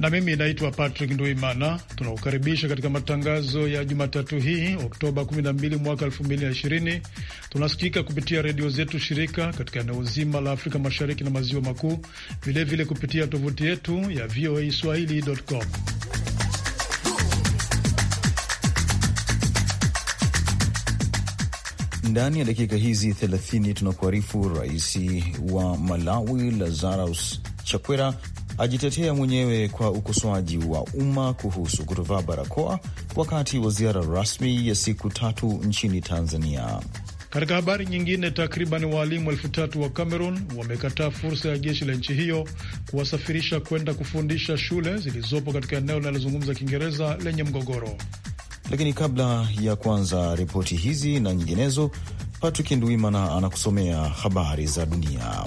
na mimi naitwa Patrick Nduimana. Tunakukaribisha katika matangazo ya Jumatatu hii Oktoba 12 mwaka 2020. Tunasikika kupitia redio zetu shirika katika eneo zima la Afrika Mashariki na Maziwa Makuu, vilevile kupitia tovuti yetu ya VOA Swahili.com. Ndani ya dakika hizi 30 tunakuarifu rais wa Malawi Lazarus Chakwera ajitetea mwenyewe kwa ukosoaji wa umma kuhusu kutovaa barakoa wakati wa ziara rasmi ya siku tatu nchini Tanzania. Katika habari nyingine, takriban waalimu elfu tatu wa Cameroon wamekataa fursa ya jeshi la nchi hiyo kuwasafirisha kwenda kufundisha shule zilizopo katika eneo linalozungumza Kiingereza lenye mgogoro. Lakini kabla ya kuanza ripoti hizi na nyinginezo, Patrick Ndwimana anakusomea habari za dunia.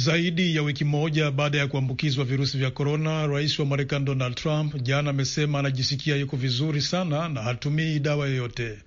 Zaidi ya wiki moja baada ya kuambukizwa virusi vya korona, rais wa Marekani Donald Trump jana amesema anajisikia yuko vizuri sana na hatumii dawa yoyote.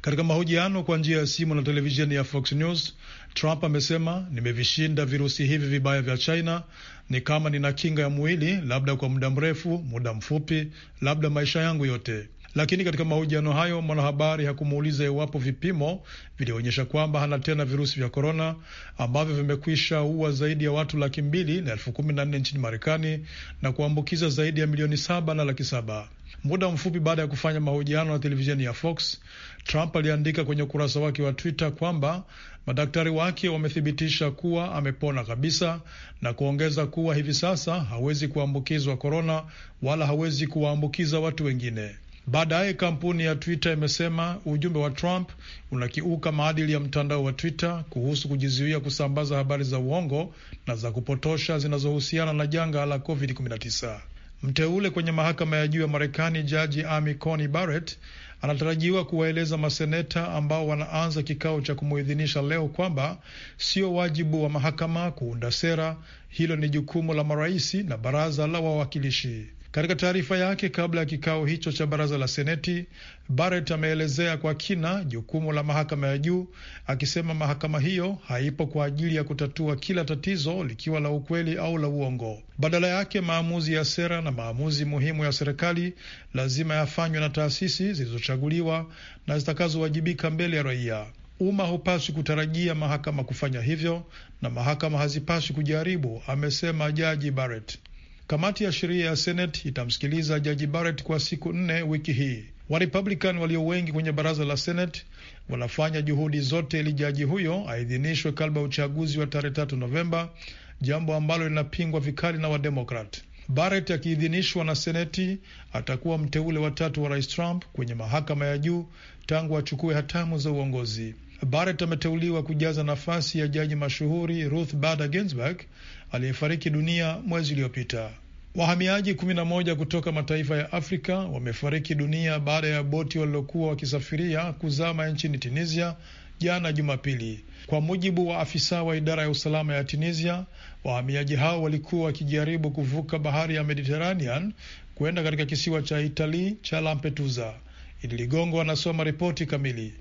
Katika mahojiano kwa njia ya simu na televisheni ya Fox News, Trump amesema, nimevishinda virusi hivi vibaya vya China, ni kama nina kinga ya mwili, labda kwa muda mrefu, muda mfupi, labda maisha yangu yote lakini katika mahojiano hayo mwanahabari hakumuuliza iwapo vipimo vilionyesha kwamba hana tena virusi vya korona ambavyo vimekwisha ua zaidi ya watu laki mbili na elfu kumi na nne nchini Marekani na kuambukiza zaidi ya milioni saba na laki saba. Muda mfupi baada ya kufanya mahojiano na televisheni ya Fox, Trump aliandika kwenye ukurasa wake wa Twitter kwamba madaktari wake wamethibitisha kuwa amepona kabisa na kuongeza kuwa hivi sasa hawezi kuambukizwa korona wala hawezi kuwaambukiza watu wengine. Baadaye kampuni ya Twitter imesema ujumbe wa Trump unakiuka maadili ya mtandao wa Twitter kuhusu kujizuia kusambaza habari za uongo na za kupotosha zinazohusiana na janga la COVID-19. Mteule kwenye mahakama ya juu ya Marekani, Jaji Amy Coney Barrett anatarajiwa kuwaeleza maseneta ambao wanaanza kikao cha kumuidhinisha leo kwamba sio wajibu wa mahakama kuunda sera, hilo ni jukumu la maraisi na baraza la wawakilishi. Katika taarifa yake kabla ya kikao hicho cha baraza la Seneti, Barrett ameelezea kwa kina jukumu la mahakama ya juu, akisema mahakama hiyo haipo kwa ajili ya kutatua kila tatizo likiwa la ukweli au la uongo. Badala yake, maamuzi ya sera na maamuzi muhimu ya serikali lazima yafanywe na taasisi zilizochaguliwa na zitakazowajibika mbele ya raia. Umma hupaswi kutarajia mahakama kufanya hivyo na mahakama hazipaswi kujaribu, amesema Jaji Barrett. Kamati ya sheria ya Senate itamsikiliza jaji Barrett kwa siku nne wiki hii. Warepublican walio wengi kwenye baraza la Senate wanafanya juhudi zote ili jaji huyo aidhinishwe kabla ya uchaguzi wa tarehe tatu Novemba, jambo ambalo linapingwa vikali na Wademokrat. Barrett akiidhinishwa na Seneti atakuwa mteule wa tatu wa rais Trump kwenye mahakama ya juu tangu achukue hatamu za uongozi. Barrett ameteuliwa kujaza nafasi ya jaji mashuhuri Ruth Bader Ginsburg aliyefariki dunia mwezi uliopita. Wahamiaji 11 kutoka mataifa ya Afrika wamefariki dunia baada ya boti walilokuwa wakisafiria kuzama nchini Tunisia jana Jumapili, kwa mujibu wa afisa wa idara ya usalama ya Tunisia. Wahamiaji hao walikuwa wakijaribu kuvuka bahari ya Mediterranean kwenda katika kisiwa cha Italii cha Lampedusa. Idi Ligongo anasoma ripoti kamili.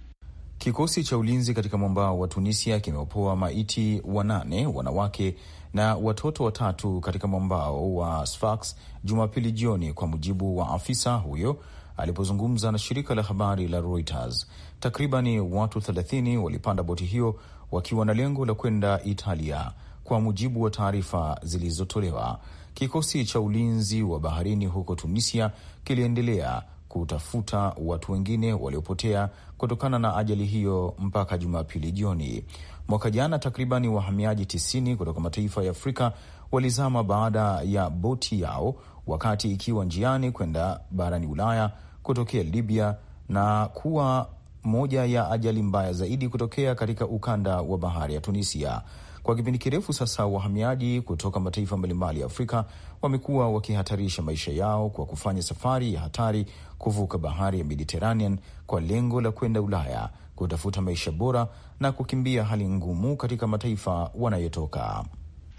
Kikosi cha ulinzi katika mwambao wa Tunisia kimeopoa maiti wanane wanawake na watoto watatu katika mwambao wa Sfax Jumapili jioni, kwa mujibu wa afisa huyo alipozungumza na shirika la habari la Reuters. Takribani watu 30 walipanda boti hiyo wakiwa na lengo la kwenda Italia, kwa mujibu wa taarifa zilizotolewa. Kikosi cha ulinzi wa baharini huko Tunisia kiliendelea kutafuta watu wengine waliopotea kutokana na ajali hiyo mpaka Jumapili jioni. Mwaka jana takribani wahamiaji 90 kutoka mataifa ya Afrika walizama baada ya boti yao wakati ikiwa njiani kwenda barani Ulaya kutokea Libya na kuwa moja ya ajali mbaya zaidi kutokea katika ukanda wa bahari ya Tunisia. Kwa kipindi kirefu sasa, wahamiaji kutoka mataifa mbalimbali ya Afrika wamekuwa wakihatarisha maisha yao kwa kufanya safari ya hatari kuvuka bahari ya Mediterranean kwa lengo la kwenda Ulaya kutafuta maisha bora na kukimbia hali ngumu katika mataifa wanayotoka.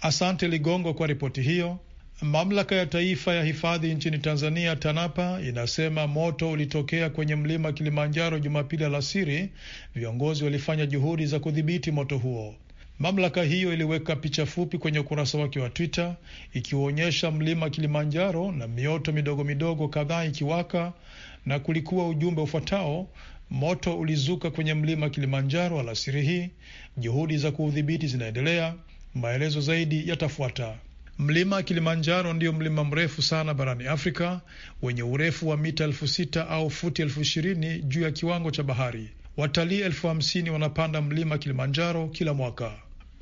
Asante Ligongo kwa ripoti hiyo. Mamlaka ya Taifa ya Hifadhi nchini Tanzania, TANAPA, inasema moto ulitokea kwenye mlima Kilimanjaro Jumapili alasiri. Viongozi walifanya juhudi za kudhibiti moto huo. Mamlaka hiyo iliweka picha fupi kwenye ukurasa wake wa Twitter ikiwaonyesha mlima Kilimanjaro na mioto midogo midogo kadhaa ikiwaka, na kulikuwa ujumbe ufuatao: moto ulizuka kwenye mlima Kilimanjaro alasiri hii, juhudi za kuudhibiti zinaendelea, maelezo zaidi yatafuata. Mlima Kilimanjaro ndiyo mlima mrefu sana barani Afrika wenye urefu wa mita elfu sita au futi elfu ishirini juu ya kiwango cha bahari. Watalii elfu hamsini wanapanda mlima Kilimanjaro kila mwaka.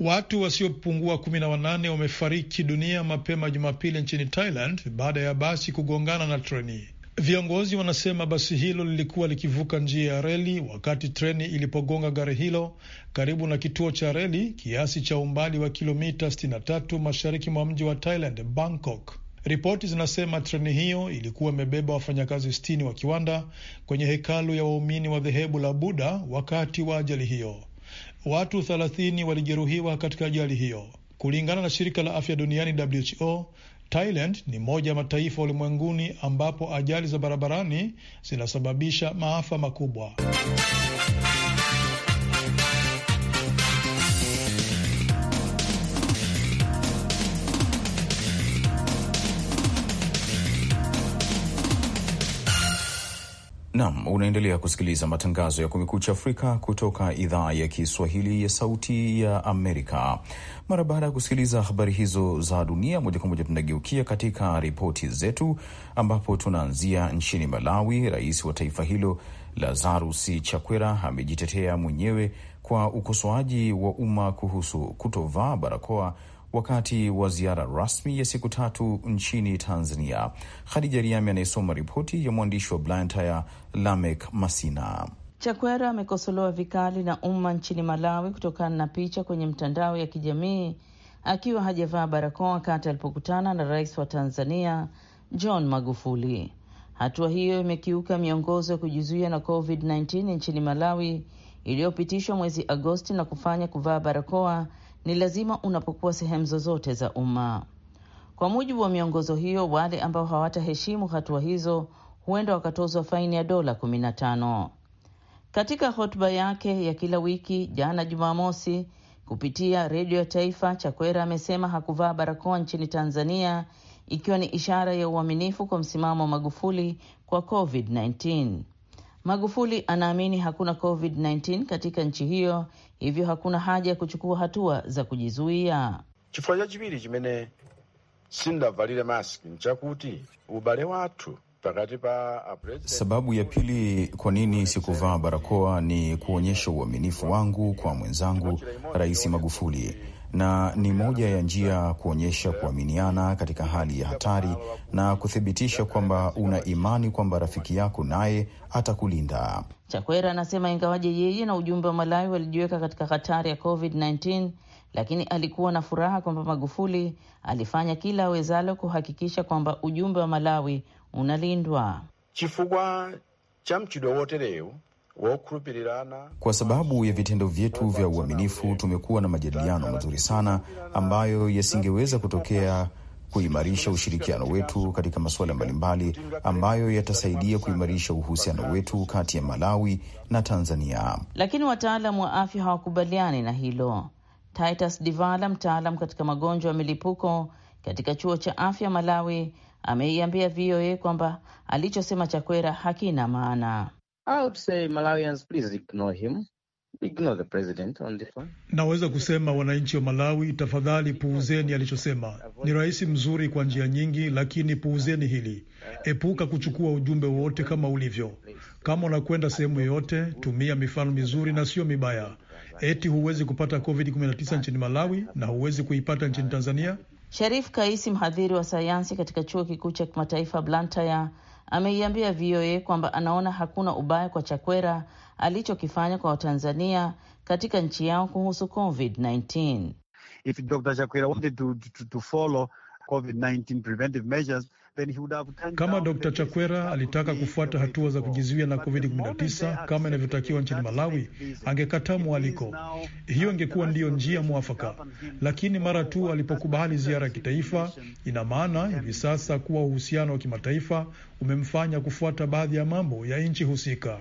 Watu wasiopungua kumi na wanane wamefariki dunia mapema Jumapili nchini Thailand baada ya basi kugongana na treni. Viongozi wanasema basi hilo lilikuwa likivuka njia ya reli wakati treni ilipogonga gari hilo karibu na kituo cha reli kiasi cha umbali wa kilomita 63 mashariki mwa mji wa Thailand, Bangkok. Ripoti zinasema treni hiyo ilikuwa imebeba wafanyakazi sitini wa kiwanda kwenye hekalu ya waumini wa dhehebu la Buddha wakati wa ajali hiyo. Watu 30 walijeruhiwa katika ajali hiyo, kulingana na shirika la afya duniani WHO. Thailand ni moja ya mataifa ulimwenguni ambapo ajali za barabarani zinasababisha maafa makubwa. Nam, unaendelea kusikiliza matangazo ya Kumekucha Afrika kutoka idhaa ya Kiswahili ya Sauti ya Amerika. Mara baada ya kusikiliza habari hizo za dunia, moja kwa moja tunageukia katika ripoti zetu, ambapo tunaanzia nchini Malawi. Rais wa taifa hilo Lazarus Chakwera amejitetea mwenyewe kwa ukosoaji wa umma kuhusu kutovaa barakoa wakati wa ziara rasmi ya siku tatu nchini Tanzania. Khadija Riami anayesoma ripoti ya mwandishi wa Blantyre Lamek Masina. Chakwera amekosolewa vikali na umma nchini Malawi kutokana na picha kwenye mtandao ya kijamii akiwa hajavaa barakoa wakati alipokutana na rais wa Tanzania John Magufuli. Hatua hiyo imekiuka miongozo ya kujizuia na COVID-19 nchini Malawi iliyopitishwa mwezi Agosti na kufanya kuvaa barakoa ni lazima unapokuwa sehemu zozote za umma. Kwa mujibu wa miongozo hiyo, wale ambao hawataheshimu hatua hizo huenda wakatozwa faini ya dola 15. Katika hotuba yake ya kila wiki jana Jumamosi kupitia redio ya taifa, Chakwera amesema hakuvaa barakoa nchini Tanzania ikiwa ni ishara ya uaminifu kwa msimamo wa Magufuli kwa COVID-19. Magufuli anaamini hakuna covid-19 katika nchi hiyo, hivyo hakuna haja ya kuchukua hatua za kujizuia. chifukwa chipiri chimene sindavalire maski nchakuti ubale watu Sababu ya pili kwa nini sikuvaa barakoa ni kuonyesha uaminifu wangu kwa mwenzangu Rais Magufuli na ni moja ya njia kuonyesha kuaminiana katika hali ya hatari na kuthibitisha kwamba una imani kwamba rafiki yako naye atakulinda. Chakwera anasema ingawaje yeye na ujumbe wa Malawi walijiweka katika hatari ya COVID-19 lakini alikuwa na furaha kwamba Magufuli alifanya kila awezalo kuhakikisha kwamba ujumbe wa Malawi unalindwa. chifukwa cha mchido wote leo kwa sababu ya vitendo vyetu vya uaminifu, tumekuwa na majadiliano mazuri sana ambayo yasingeweza kutokea, kuimarisha ushirikiano wetu katika masuala mbalimbali ambayo yatasaidia kuimarisha uhusiano wetu kati ya Malawi na Tanzania. Lakini wataalam wa afya hawakubaliani na hilo. Titus Divala, mtaalam katika magonjwa ya milipuko katika chuo cha afya Malawi, ameiambia VOA kwamba alichosema Chakwera hakina maana would say Malawians, please ignore Ignore him. the president on this one. Naweza kusema wananchi wa Malawi, tafadhali puuzeni alichosema. Ni rais mzuri kwa njia nyingi, lakini puuzeni hili. Epuka kuchukua ujumbe wote kama ulivyo. Kama unakwenda sehemu yoyote, tumia mifano mizuri na sio mibaya. Eti huwezi kupata COVID-19 nchini Malawi na huwezi kuipata nchini Tanzania? Sharif Kaisi, mhadhiri wa sayansi katika chuo kikuu cha kimataifa Blantyre ameiambia VOA kwamba anaona hakuna ubaya kwa Chakwera alichokifanya kwa Watanzania katika nchi yao kuhusu COVID-19. If Dr. Chakwera wanted to, to, to follow COVID-19 preventive measures kama Dr. Chakwera alitaka kufuata hatua za kujizuia na COVID-19 kama inavyotakiwa nchini Malawi, angekataa mwaliko. Hiyo ingekuwa ndiyo njia mwafaka, lakini mara tu alipokubali ziara ya kitaifa, ina maana hivi sasa kuwa uhusiano wa kimataifa umemfanya kufuata baadhi ya mambo ya nchi husika.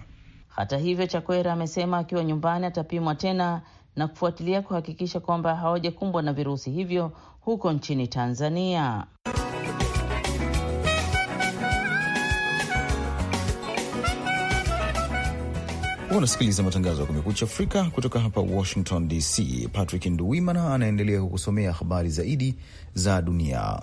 Hata hivyo, Chakwera amesema akiwa nyumbani atapimwa tena na kufuatilia kuhakikisha kwamba hawajakumbwa na virusi hivyo huko nchini Tanzania. Unasikiliza matangazo ya Kumekucha Afrika kutoka hapa Washington DC. Patrick Nduwimana anaendelea kukusomea habari zaidi za dunia.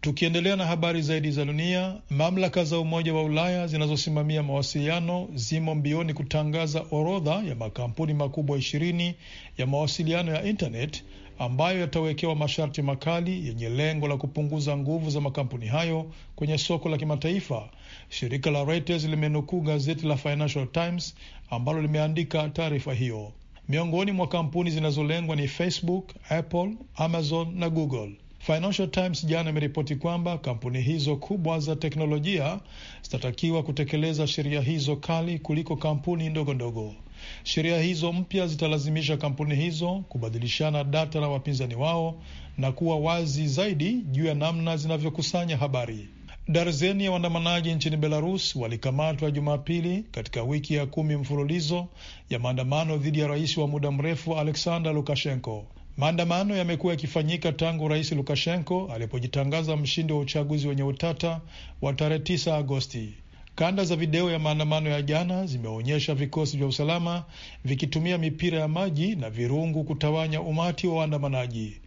Tukiendelea na habari zaidi za dunia, mamlaka za Umoja wa Ulaya zinazosimamia mawasiliano zimo mbioni kutangaza orodha ya makampuni makubwa ishirini ya mawasiliano ya intanet ambayo yatawekewa masharti makali yenye lengo la kupunguza nguvu za makampuni hayo kwenye soko la kimataifa. Shirika la Reuters limenukuu gazeti la Financial Times ambalo limeandika taarifa hiyo. Miongoni mwa kampuni zinazolengwa ni Facebook, Apple, Amazon na Google. Financial Times jana imeripoti kwamba kampuni hizo kubwa za teknolojia zitatakiwa kutekeleza sheria hizo kali kuliko kampuni ndogo ndogo. Sheria hizo mpya zitalazimisha kampuni hizo kubadilishana data na wapinzani wao na kuwa wazi zaidi juu ya namna zinavyokusanya habari. Darzeni ya waandamanaji nchini Belarus walikamatwa Jumapili katika wiki ya kumi mfululizo ya maandamano dhidi ya rais wa muda mrefu Alexander Lukashenko. Maandamano yamekuwa yakifanyika tangu Rais Lukashenko alipojitangaza mshindi wa uchaguzi wenye utata wa tarehe 9 Agosti. Kanda za video ya maandamano ya jana zimeonyesha vikosi vya usalama vikitumia mipira ya maji na virungu kutawanya umati wa waandamanaji.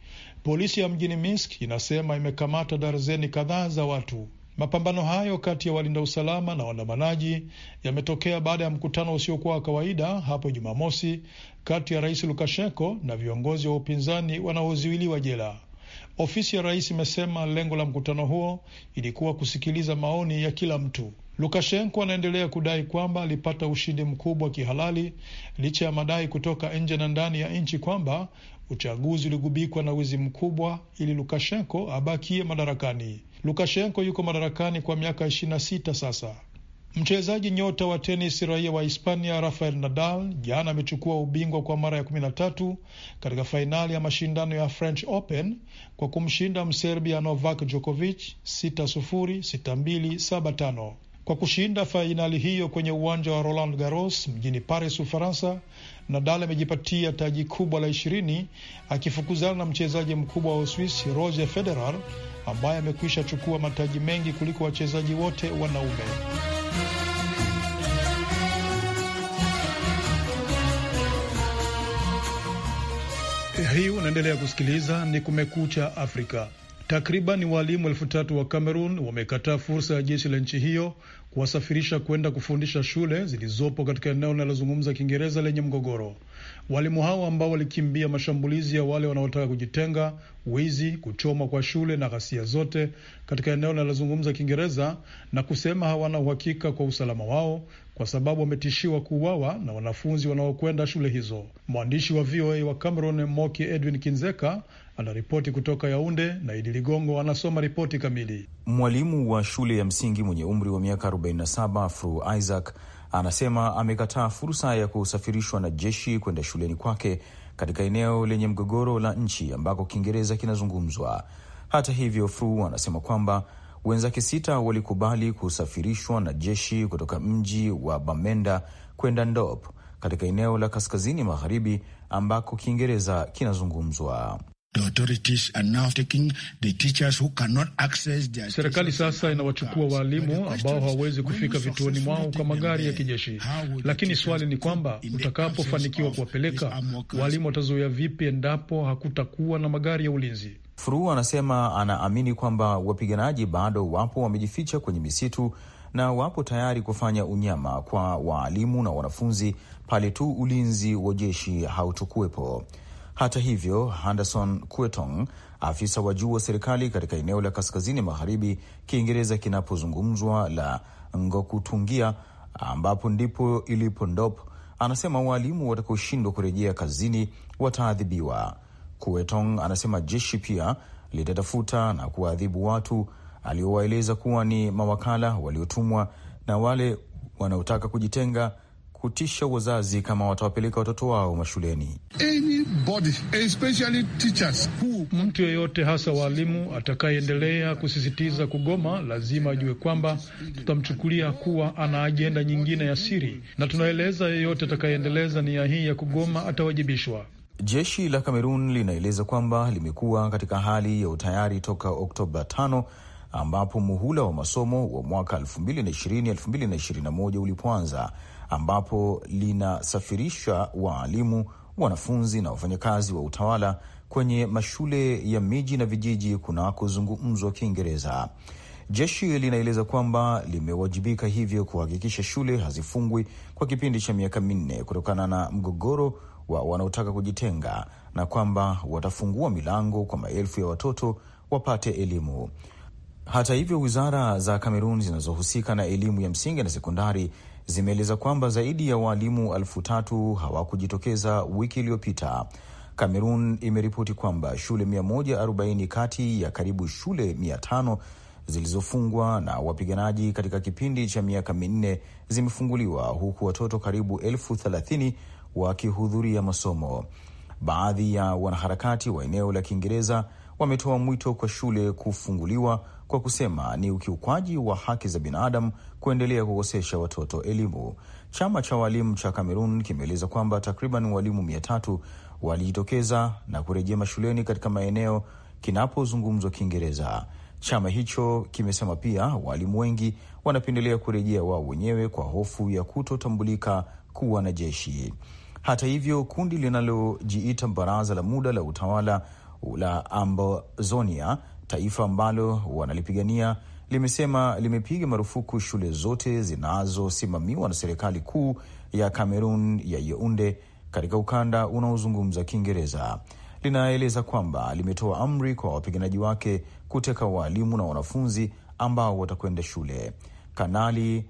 Polisi ya mjini Minsk inasema imekamata darzeni kadhaa za watu. Mapambano hayo kati ya walinda usalama na waandamanaji yametokea baada ya mkutano usiokuwa wa kawaida hapo Jumamosi kati ya rais Lukashenko na viongozi wa upinzani wanaoziwiliwa jela. Ofisi ya rais imesema lengo la mkutano huo ilikuwa kusikiliza maoni ya kila mtu. Lukashenko anaendelea kudai kwamba alipata ushindi mkubwa kihalali licha ya madai kutoka nje na ndani ya nchi kwamba uchaguzi uligubikwa na wizi mkubwa ili Lukashenko abakie madarakani. Lukashenko yuko madarakani kwa miaka 26 sasa. Mchezaji nyota wa tenis raia wa Hispania Rafael Nadal jana amechukua ubingwa kwa mara ya 13 katika fainali ya mashindano ya French Open kwa kumshinda Mserbia Novak Djokovic 6-0, 6-2, 7-5 kwa kushinda fainali hiyo kwenye uwanja wa Roland Garros mjini Paris, Ufaransa. Nadal amejipatia taji kubwa la ishirini akifukuzana na mchezaji mkubwa wa Uswisi Roger Federer ambaye amekwisha chukua mataji mengi kuliko wachezaji wote wanaume. Hii unaendelea kusikiliza ni Kumekucha Afrika. Takriban walimu elfu tatu wa Cameroon wamekataa fursa ya jeshi la nchi hiyo kuwasafirisha kwenda kufundisha shule zilizopo katika eneo linalozungumza Kiingereza lenye mgogoro. Walimu hao ambao walikimbia mashambulizi ya wale wanaotaka kujitenga, wizi, kuchomwa kwa shule na ghasia zote katika eneo linalozungumza Kiingereza, na kusema hawana uhakika kwa usalama wao kwa sababu wametishiwa kuuawa na wanafunzi wanaokwenda shule hizo. Mwandishi wa VOA wa Cameroon, Moki Edwin Kinzeka anaripoti kutoka Yaunde na Idi Ligongo anasoma ripoti kamili. Mwalimu wa shule ya msingi mwenye umri wa miaka 47 Fru Isaac anasema amekataa fursa ya kusafirishwa na jeshi kwenda shuleni kwake katika eneo lenye mgogoro la nchi ambako Kiingereza kinazungumzwa. Hata hivyo, Fru anasema kwamba wenzake sita walikubali kusafirishwa na jeshi kutoka mji wa Bamenda kwenda Ndop katika eneo la kaskazini magharibi ambako Kiingereza kinazungumzwa. Serikali sasa inawachukua waalimu ambao hawawezi kufika vituoni mwao kwa magari ya kijeshi, lakini swali ni kwamba utakapofanikiwa kuwapeleka waalimu watazoea vipi endapo hakutakuwa na magari ya ulinzi? Furu anasema anaamini kwamba wapiganaji bado wapo wamejificha kwenye misitu na wapo tayari kufanya unyama kwa waalimu na wanafunzi pale tu ulinzi wa jeshi hautokuwepo. Hata hivyo, Henderson quetong afisa wa juu wa serikali katika eneo la kaskazini magharibi Kiingereza kinapozungumzwa la Ngokutungia, ambapo ndipo ilipo Ndop, anasema waalimu watakaoshindwa kurejea kazini wataadhibiwa. Kuetong anasema jeshi pia litatafuta na kuwaadhibu watu aliowaeleza kuwa ni mawakala waliotumwa na wale wanaotaka kujitenga kutisha wazazi kama watawapeleka watoto wao mashuleni. mtu yeyote hasa waalimu atakayeendelea kusisitiza kugoma lazima ajue kwamba tutamchukulia kuwa ana ajenda nyingine ya siri, na tunaeleza yeyote atakayeendeleza nia hii ya kugoma atawajibishwa. Jeshi la Kamerun linaeleza kwamba limekuwa katika hali ya utayari toka Oktoba a ambapo muhula wa masomo wa mwaka 2020-2021 ulipoanza ambapo linasafirisha waalimu, wanafunzi na wafanyakazi wa utawala kwenye mashule ya miji na vijiji kunakozungumzwa Kiingereza. Jeshi linaeleza kwamba limewajibika hivyo kuhakikisha shule hazifungwi kwa kipindi cha miaka minne kutokana na mgogoro wa wanaotaka kujitenga na kwamba watafungua milango kwa maelfu ya watoto wapate elimu. Hata hivyo, wizara za Kamerun zinazohusika na elimu ya msingi na sekondari zimeeleza kwamba zaidi ya waalimu elfu tatu hawakujitokeza wiki iliyopita. Kamerun imeripoti kwamba shule 140 kati ya karibu shule 500 zilizofungwa na wapiganaji katika kipindi cha miaka minne zimefunguliwa huku watoto karibu elfu thelathini wakihudhuria masomo. Baadhi ya wanaharakati wa eneo la Kiingereza wametoa mwito kwa shule kufunguliwa kwa kusema ni ukiukwaji wa haki za binadamu kuendelea kukosesha watoto elimu. Chama cha walimu cha Kamerun kimeeleza kwamba takriban walimu mia tatu walijitokeza na kurejea mashuleni katika maeneo kinapozungumzwa Kiingereza. Chama hicho kimesema pia walimu wengi wanapendelea kurejea wao wenyewe kwa hofu ya kutotambulika kuwa na jeshi. Hata hivyo, kundi linalojiita Baraza la Muda la Utawala la Ambazonia taifa ambalo wanalipigania limesema limepiga marufuku shule zote zinazosimamiwa na serikali kuu ya Kamerun ya Yeunde katika ukanda unaozungumza Kiingereza. Linaeleza kwamba limetoa amri kwa wapiganaji wake kuteka waalimu na wanafunzi ambao watakwenda shule. Kanali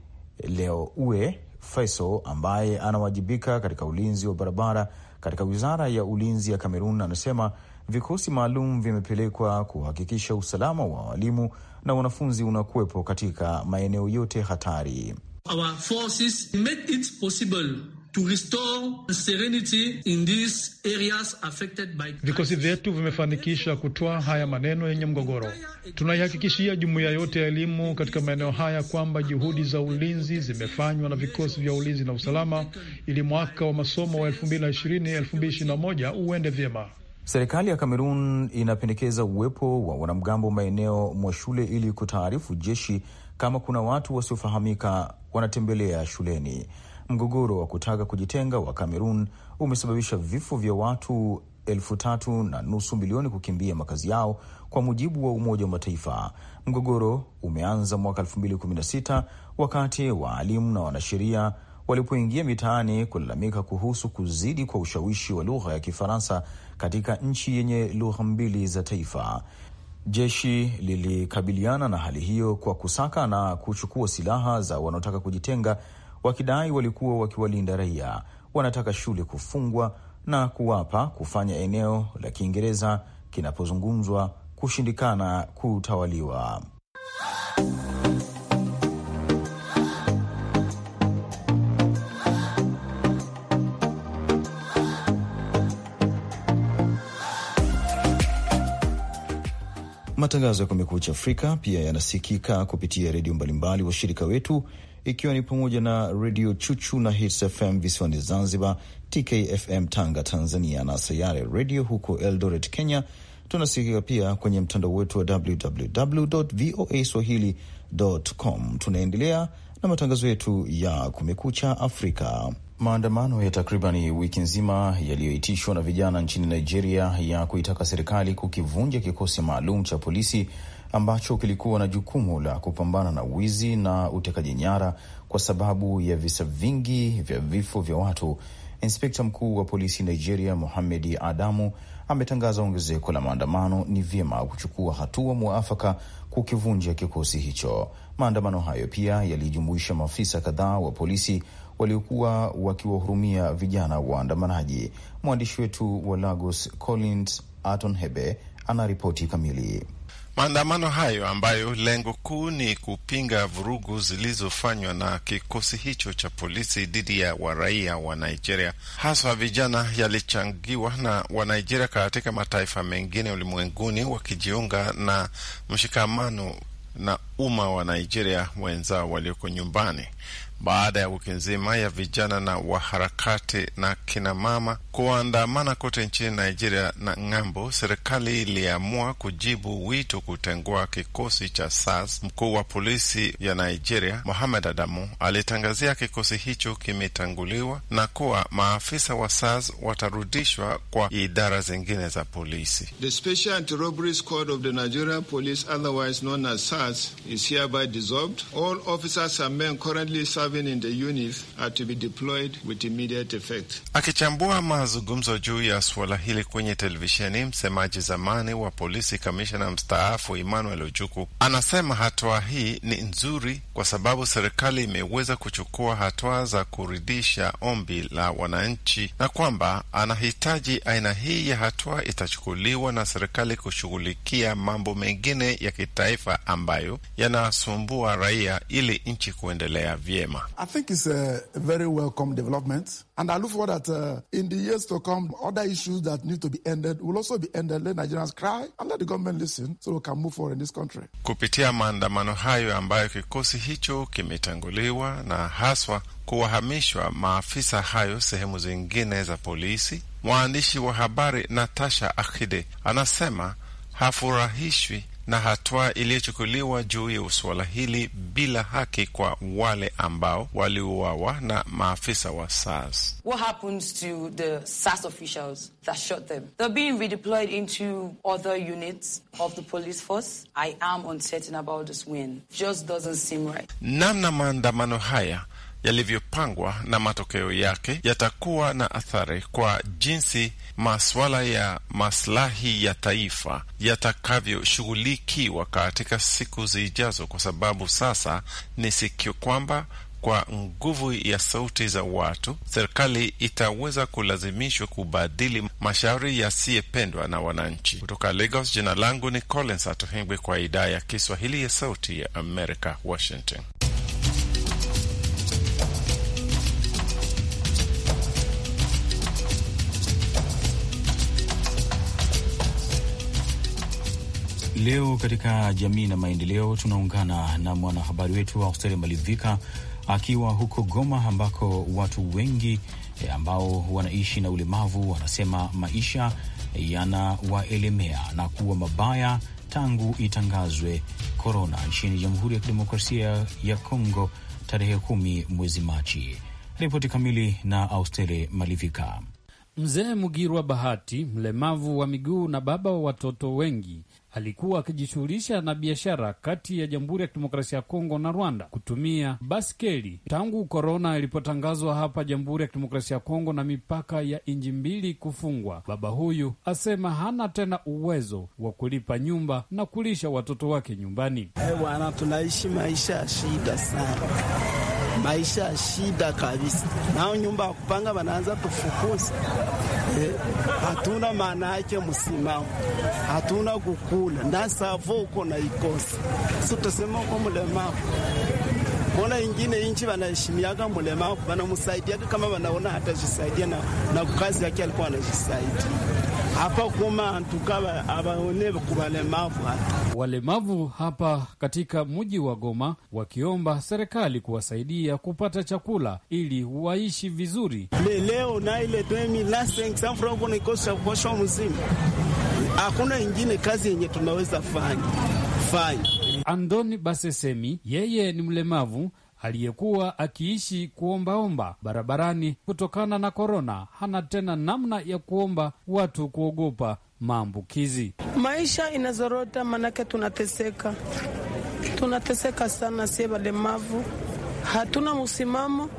Leo Ue Faiso ambaye anawajibika katika ulinzi wa barabara katika wizara ya ulinzi ya Kamerun anasema Vikosi maalum vimepelekwa kuhakikisha usalama wa walimu na wanafunzi unakuwepo katika maeneo yote hatari. Our forces it possible to restore serenity in these areas affected by. Vikosi vyetu vimefanikisha kutoa haya maneno yenye mgogoro. Tunaihakikishia jumuiya yote ya elimu katika maeneo haya kwamba juhudi za ulinzi zimefanywa na vikosi vya ulinzi na usalama ili mwaka wa masomo wa 2020 2021 uende vyema. Serikali ya Kamerun inapendekeza uwepo wa wanamgambo maeneo mwa shule ili kutaarifu jeshi kama kuna watu wasiofahamika wanatembelea shuleni. Mgogoro wa kutaka kujitenga wa Kamerun umesababisha vifo vya watu elfu tatu na nusu milioni kukimbia makazi yao kwa mujibu wa Umoja wa Mataifa. Mgogoro umeanza mwaka elfu mbili kumi na sita wakati waalimu na wanasheria walipoingia mitaani kulalamika kuhusu kuzidi kwa ushawishi wa lugha ya Kifaransa katika nchi yenye lugha mbili za taifa. Jeshi lilikabiliana na hali hiyo kwa kusaka na kuchukua silaha za wanaotaka kujitenga, wakidai walikuwa wakiwalinda raia. Wanataka shule kufungwa na kuwapa kufanya eneo la Kiingereza kinapozungumzwa kushindikana kutawaliwa. Matangazo ya Kumekucha Afrika pia yanasikika kupitia redio mbalimbali washirika wetu, ikiwa ni pamoja na Redio Chuchu na Hits FM visiwani Zanzibar, TKFM Tanga Tanzania, na Sayare Redio huko Eldoret Kenya. Tunasikika pia kwenye mtandao wetu wa www voa swahili.com. Tunaendelea na matangazo yetu ya Kumekucha Afrika. Maandamano ya takribani wiki nzima yaliyoitishwa na vijana nchini Nigeria ya kuitaka serikali kukivunja kikosi maalum cha polisi ambacho kilikuwa na jukumu la kupambana na wizi na utekaji nyara kwa sababu ya visa vingi vya vifo vya watu. Inspekta mkuu wa polisi Nigeria, muhamedi Adamu, ametangaza ongezeko la maandamano. Ni vyema kuchukua hatua mwafaka kukivunja kikosi hicho. Maandamano hayo pia yalijumuisha maafisa kadhaa wa polisi waliokuwa wakiwahurumia vijana waandamanaji. Mwandishi wetu wa Lagos Collins Aton Hebe anaripoti kamili. Maandamano hayo ambayo lengo kuu ni kupinga vurugu zilizofanywa na kikosi hicho cha polisi dhidi ya waraia wa Nigeria, haswa vijana, yalichangiwa na Wanigeria katika mataifa mengine ulimwenguni wakijiunga na mshikamano na umma wa Nigeria wenzao walioko nyumbani baada ya wiki nzima ya vijana na waharakati na kinamama kuandamana kote nchini Nigeria na ng'ambo, serikali iliamua kujibu wito kutengua kikosi cha SAS. Mkuu wa polisi ya Nigeria Mohamed Adamu alitangazia kikosi hicho kimetanguliwa na kuwa maafisa wa SAS watarudishwa kwa idara zingine za polisi. The Special Anti-Robbery Squad of the Nigeria Police, otherwise known as is hereby dissolved. All officers and men currently serving in the units are to be deployed with immediate effect. Akichambua mazungumzo juu ya suala hili kwenye televisheni, msemaji zamani wa polisi kamishna mstaafu Emmanuel Ojuku anasema hatua hii ni nzuri kwa sababu serikali imeweza kuchukua hatua za kuridhisha ombi la wananchi na kwamba anahitaji aina hii ya hatua itachukuliwa na serikali kushughulikia mambo mengine ya kitaifa ambayo yanasumbua raia ili nchi kuendelea vyema kuwa. I think it's a very welcome development and I look forward that uh, in the years to come other issues that need to be ended will also be ended. Let Nigerians cry and let the government listen so we can move forward in this country. Kupitia maandamano hayo ambayo kikosi hicho kimetanguliwa na haswa kuwahamishwa maafisa hayo sehemu zingine za polisi, mwandishi wa habari Natasha Akide anasema hafurahishwi na hatua iliyochukuliwa juu ya suala hili bila haki kwa wale ambao waliuawa na maafisa wa SAS. What happens to the officials that shot them? They're being redeployed into other units of the police force. I am uncertain about this win. Just doesn't seem right. Namna maandamano haya yalivyopangwa na matokeo yake yatakuwa na athari kwa jinsi masuala ya maslahi ya taifa yatakavyoshughulikiwa katika siku zijazo, kwa sababu sasa ni sikio kwamba kwa nguvu ya sauti za watu, serikali itaweza kulazimishwa kubadili mashauri yasiyependwa na wananchi. Kutoka Lagos, jina langu ni Collins Atohengwe, kwa idhaa ya Kiswahili ya Sauti ya Amerika, Washington. Leo katika jamii na maendeleo tunaungana na mwanahabari wetu wa Malivika akiwa huko Goma ambako watu wengi eh, ambao wanaishi na ulemavu wanasema maisha yanawaelemea na kuwa mabaya tangu itangazwe korona nchini Jamhuri ya Kidemokrasia ya Kongo tarehe kumi mwezi Machi. Ripoti kamili na Austele Malivika. Mzee Mugirwa Bahati, mlemavu wa miguu na baba wa watoto wengi, alikuwa akijishughulisha na biashara kati ya Jamhuri ya Kidemokrasia ya Kongo na Rwanda kutumia baskeli tangu korona ilipotangazwa hapa Jamhuri ya Kidemokrasia ya Kongo na mipaka ya nchi mbili kufungwa. Baba huyu asema hana tena uwezo wa kulipa nyumba na kulisha watoto wake nyumbani. Hey, eh, wana tunaishi maisha ya shida sana maisha shida kabisa, nao nyumba ya kupanga wanaanza tufukuza. Eh, hatuna maana yake msimamo, hatuna kukula na savo uko na ikosi si tutasema uko mlemavu. Mbona ingine nchi wanaheshimiaga mlemavu, wanamusaidiaga kama wanaona hatajisaidia na, na kazi yake alikuwa anajisaidia hapa kuma antuka abaone kubalemavu hata walemavu hapa katika mji wa Goma, wakiomba serikali kuwasaidia kupata chakula ili waishi vizuri. Le, Leo na ile ikosha mzima, hakuna ingine kazi yenye tunaweza fanya fanya. Andoni Basesemi yeye ni mlemavu aliyekuwa akiishi kuombaomba barabarani kutokana na korona hana tena namna ya kuomba watu kuogopa maambukizi. Maisha inazorota, maanake tunateseka, tunateseka sana, sie walemavu hatuna msimamo.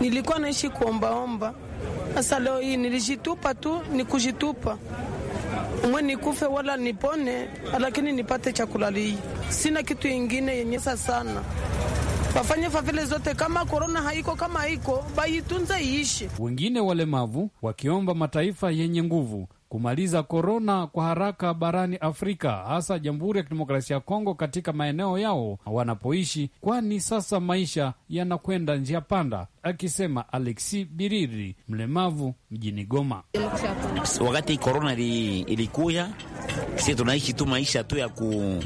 Nilikuwa naishi kuombaomba, sasa leo hii nilijitupa tu, ni kujitupa umwe nikufe wala nipone, lakini nipate chakula. Lii sina kitu ingine yenyesa sana wafanye favele zote, kama korona haiko kama haiko baitunze iishi. Wengine walemavu wakiomba mataifa yenye nguvu kumaliza korona kwa haraka barani Afrika, hasa Jamhuri ya Kidemokrasia ya Kongo katika maeneo yao wanapoishi, kwani sasa maisha yanakwenda njia panda, akisema Alexi Biriri, mlemavu mjini Goma. Wakati korona ilikuya, si tunaishi tu maisha tu ya ku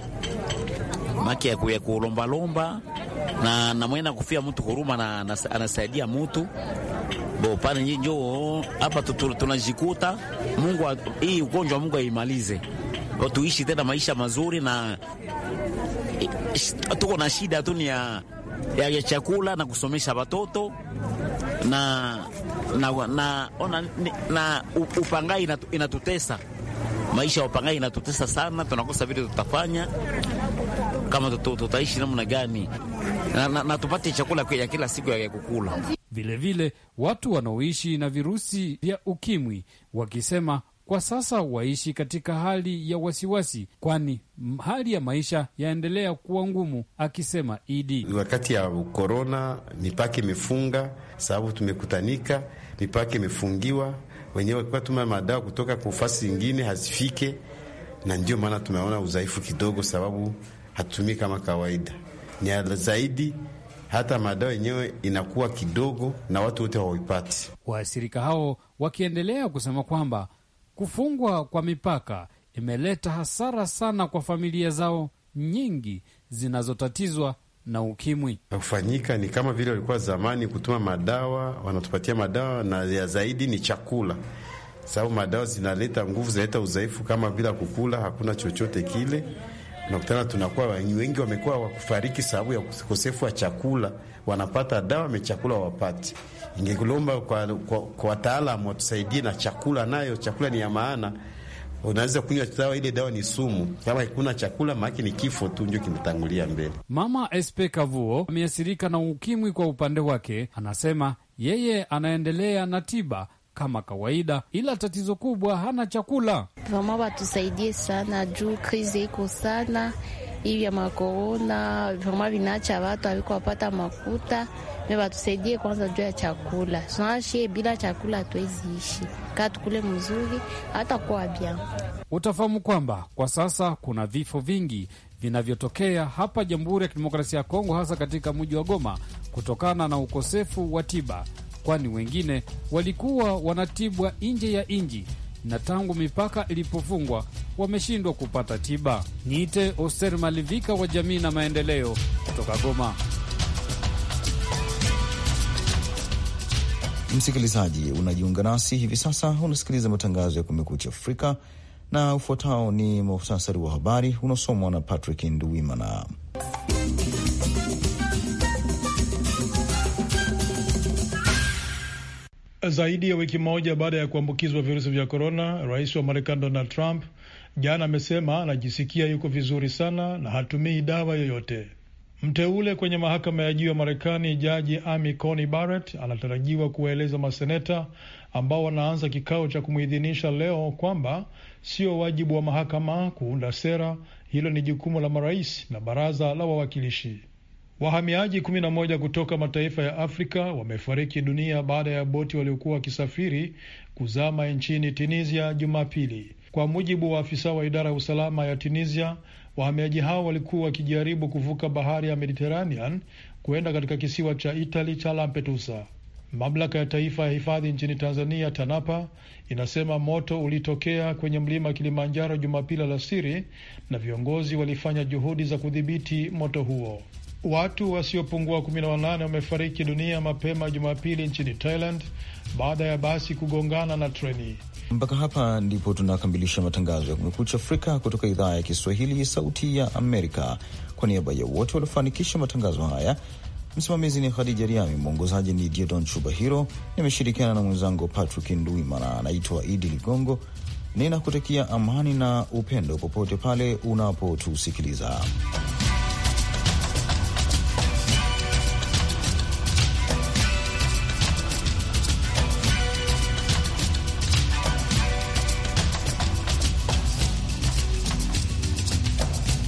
make ya kulombalomba na namwenda kufia mtu huruma na, na anasaidia mtu bo pana njoo hapa tunajikuta. Mungu hii ugonjwa Mungu aimalize, tuishi tena maisha mazuri, na tuko na shida tu ni ya, ya, ya chakula na kusomesha watoto na, na, na, na, na upangai inatutesa, maisha ya upangai inatutesa sana, tunakosa vile tutafanya kama tutaishi namna gani na, na, na tupate chakula ya kila siku ya kukula. Vilevile vile, watu wanaoishi na virusi vya ukimwi wakisema kwa sasa waishi katika hali ya wasiwasi, kwani hali ya maisha yaendelea kuwa ngumu, akisema Idi. Wakati ya korona mipaka imefunga, sababu tumekutanika, mipaka imefungiwa, wenyewe walikuwa tuma madawa kutoka kufasi ingine hazifike, na ndio maana tumeona udhaifu kidogo, sababu hatutumii kama kawaida, ni zaidi hata madawa yenyewe inakuwa kidogo na watu wote hawaipati. Waathirika hao wakiendelea kusema kwamba kufungwa kwa mipaka imeleta hasara sana kwa familia zao nyingi zinazotatizwa na ukimwi. Kufanyika ni kama vile walikuwa zamani kutuma madawa, wanatupatia madawa na ya zaidi ni chakula, sababu madawa zinaleta nguvu, zinaleta udhaifu, kama bila kukula hakuna chochote kile nakutana tunakuwa wengi wamekuwa wakufariki sababu ya ukosefu wa chakula, wanapata dawa mechakula wapati. Ingekulomba kwa, kwa, kwa wataalamu watusaidie na chakula, nayo chakula ni ya maana. Unaweza kunywa dawa, ile dawa ni sumu. Kama hakuna chakula, maake ni kifo tu ndio kimetangulia mbele. Mama sp Kavuo ameathirika na ukimwi. Kwa upande wake, anasema yeye anaendelea na tiba kama kawaida, ila tatizo kubwa hana chakula. Vama watusaidie sana juu krizi iko sana hii vya makorona vama vinaacha watu avikowapata makuta me watusaidie kwanza juu ya chakula, tunaashie bila chakula hatuweziishi kaa tukule mzuri hata kuwa bia. Utafahamu kwamba kwa sasa kuna vifo vingi vinavyotokea hapa Jamhuri ya Kidemokrasia ya Kongo, hasa katika mji wa Goma kutokana na ukosefu wa tiba kwani wengine walikuwa wanatibwa nje ya nji na tangu mipaka ilipofungwa wameshindwa kupata tiba. Niite Oster Malivika wa jamii na maendeleo kutoka Goma. Msikilizaji, unajiunga nasi hivi sasa, unasikiliza matangazo ya Kumekucha Afrika na ufuatao ni muhtasari wa habari unaosomwa na Patrick Nduwimana. Zaidi ya wiki moja baada ya kuambukizwa virusi vya korona, rais wa Marekani Donald Trump jana amesema anajisikia yuko vizuri sana na hatumii dawa yoyote. Mteule kwenye mahakama ya juu ya Marekani, Jaji Amy Coney Barrett anatarajiwa kuwaeleza maseneta ambao wanaanza kikao cha kumwidhinisha leo kwamba sio wajibu wa mahakama kuunda sera, hilo ni jukumu la marais na baraza la wawakilishi. Wahamiaji kumi na moja kutoka mataifa ya Afrika wamefariki dunia baada ya boti waliokuwa wakisafiri kuzama nchini Tunisia Jumapili, kwa mujibu wa afisa wa idara ya usalama ya Tunisia. Wahamiaji hao walikuwa wakijaribu kuvuka bahari ya Mediterranean kuenda katika kisiwa cha Itali cha Lampedusa. Mamlaka ya taifa ya hifadhi nchini Tanzania, TANAPA, inasema moto ulitokea kwenye mlima Kilimanjaro Jumapili alasiri na viongozi walifanya juhudi za kudhibiti moto huo. Watu wasiopungua 18 wamefariki dunia mapema Jumapili nchini Thailand baada ya basi kugongana na treni. Mpaka hapa ndipo tunakamilisha matangazo ya Kumekucha Afrika kutoka idhaa ya Kiswahili ya Sauti ya Amerika. Kwa niaba ya wote waliofanikisha matangazo haya, msimamizi ni Khadija Riami, mwongozaji ni Diedon Chubahiro. Nimeshirikiana na mwenzangu Patrick Nduimana, anaitwa Idi Ligongo. Ninakutakia amani na upendo popote pale unapotusikiliza.